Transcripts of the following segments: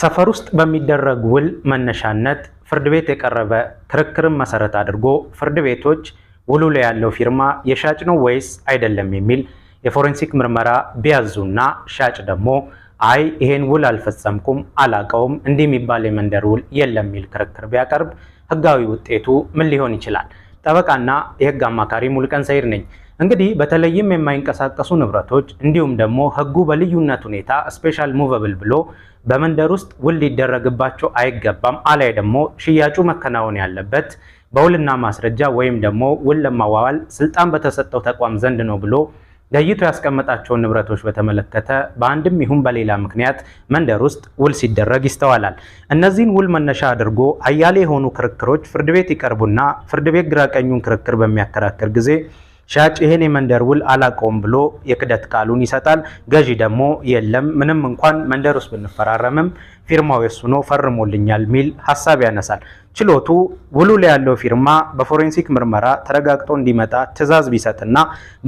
ሰፈር ውስጥ በሚደረግ ውል መነሻነት ፍርድ ቤት የቀረበ ክርክርን መሰረት አድርጎ ፍርድ ቤቶች ውሉ ላይ ያለው ፊርማ የሻጭ ነው ወይስ አይደለም የሚል የፎሬንሲክ ምርመራ ቢያዙና ሻጭ ደግሞ አይ ይሄን ውል አልፈጸምኩም፣ አላቀውም፣ እንዲህ የሚባል የመንደር ውል የለም የሚል ክርክር ቢያቀርብ ህጋዊ ውጤቱ ምን ሊሆን ይችላል? ጠበቃና የህግ አማካሪ ሙልቀን ሰይድ ነኝ። እንግዲህ በተለይም የማይንቀሳቀሱ ንብረቶች እንዲሁም ደግሞ ህጉ በልዩነት ሁኔታ ስፔሻል ሙቨብል ብሎ በመንደር ውስጥ ውል ሊደረግባቸው አይገባም። አላይ ደግሞ ሽያጩ መከናወን ያለበት በውልና ማስረጃ ወይም ደግሞ ውል ለማዋዋል ስልጣን በተሰጠው ተቋም ዘንድ ነው ብሎ ለይቶ ያስቀመጣቸውን ንብረቶች በተመለከተ በአንድም ይሁን በሌላ ምክንያት መንደር ውስጥ ውል ሲደረግ ይስተዋላል። እነዚህን ውል መነሻ አድርጎ አያሌ የሆኑ ክርክሮች ፍርድ ቤት ይቀርቡና ፍርድ ቤት ግራቀኙን ክርክር በሚያከራክር ጊዜ ሻጭ ይሄን የመንደር ውል አላቀውም ብሎ የክደት ቃሉን ይሰጣል። ገዢ ደግሞ የለም ምንም እንኳን መንደር ውስጥ ብንፈራረምም ፊርማው የሱ ነው ፈርሞልኛል ሚል ሀሳብ ያነሳል። ችሎቱ ውሉ ላይ ያለው ፊርማ በፎሬንሲክ ምርመራ ተረጋግጦ እንዲመጣ ትዕዛዝ ቢሰጥና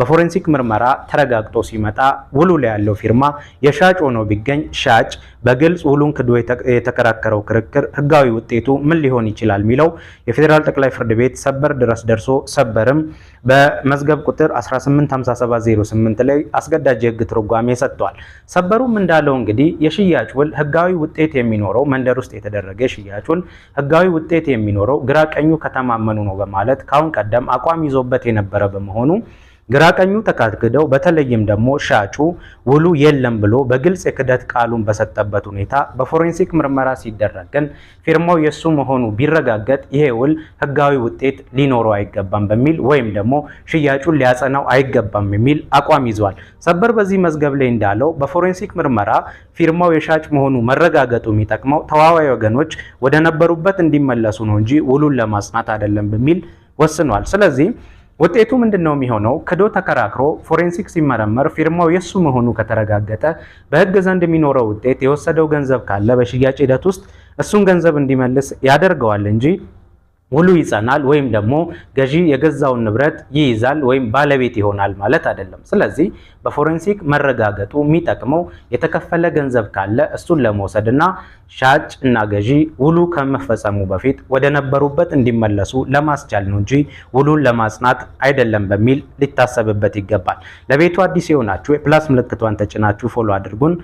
በፎሬንሲክ ምርመራ ተረጋግጦ ሲመጣ ውሉ ላይ ያለው ፊርማ የሻጭ ሆኖ ቢገኝ ሻጭ በግልጽ ውሉን ክዶ የተከራከረው ክርክር ህጋዊ ውጤቱ ምን ሊሆን ይችላል የሚለው የፌዴራል ጠቅላይ ፍርድ ቤት ሰበር ድረስ ደርሶ ሰበርም በመዝገብ ቁጥር 1857008 ላይ አስገዳጅ የህግ ትርጓሜ ሰጥቷል። ሰበሩም እንዳለው እንግዲህ የሽያጭ ውል ህጋዊ ውጤት የሚኖረው መንደር ውስጥ የተደረገ ሽያጭ ውል ህጋዊ ውጤት ስቴት የሚኖረው ግራ ቀኙ ከተማመኑ ነው በማለት ካሁን ቀደም አቋም ይዞበት የነበረ በመሆኑ ግራቀኙ ተካትክደው በተለይም ደግሞ ሻጩ ውሉ የለም ብሎ በግልጽ የክደት ቃሉን በሰጠበት ሁኔታ በፎሬንሲክ ምርመራ ሲደረግ ግን ፊርማው የሱ መሆኑ ቢረጋገጥ ይሄ ውል ህጋዊ ውጤት ሊኖረው አይገባም በሚል ወይም ደግሞ ሽያጩን ሊያጸናው አይገባም የሚል አቋም ይዟል። ሰበር በዚህ መዝገብ ላይ እንዳለው በፎሬንሲክ ምርመራ ፊርማው የሻጭ መሆኑ መረጋገጡ የሚጠቅመው ተዋዋይ ወገኖች ወደ ነበሩበት እንዲመለሱ ነው እንጂ ውሉን ለማጽናት አይደለም በሚል ወስኗል። ስለዚህ ውጤቱ ምንድን ነው የሚሆነው? ክዶ ተከራክሮ ፎሬንሲክ ሲመረመር ፊርማው የሱ መሆኑ ከተረጋገጠ በህግ ዘንድ የሚኖረው ውጤት የወሰደው ገንዘብ ካለ በሽያጭ ሂደት ውስጥ እሱን ገንዘብ እንዲመልስ ያደርገዋል እንጂ ሙሉ ይጸናል ወይም ደግሞ ገዢ የገዛውን ንብረት ይይዛል ወይም ባለቤት ይሆናል ማለት አይደለም። ስለዚህ በፎረንሲክ መረጋገጡ የሚጠቅመው የተከፈለ ገንዘብ ካለ እሱን ለመውሰድ እና ሻጭ እና ገዢ ውሉ ከመፈጸሙ በፊት ወደ ነበሩበት እንዲመለሱ ለማስቻል ነው እንጂ ውሉን ለማጽናት አይደለም በሚል ሊታሰብበት ይገባል። ለቤቱ አዲስ የሆናችሁ የፕላስ ምልክቷን ተጭናችሁ ፎሎ አድርጉን።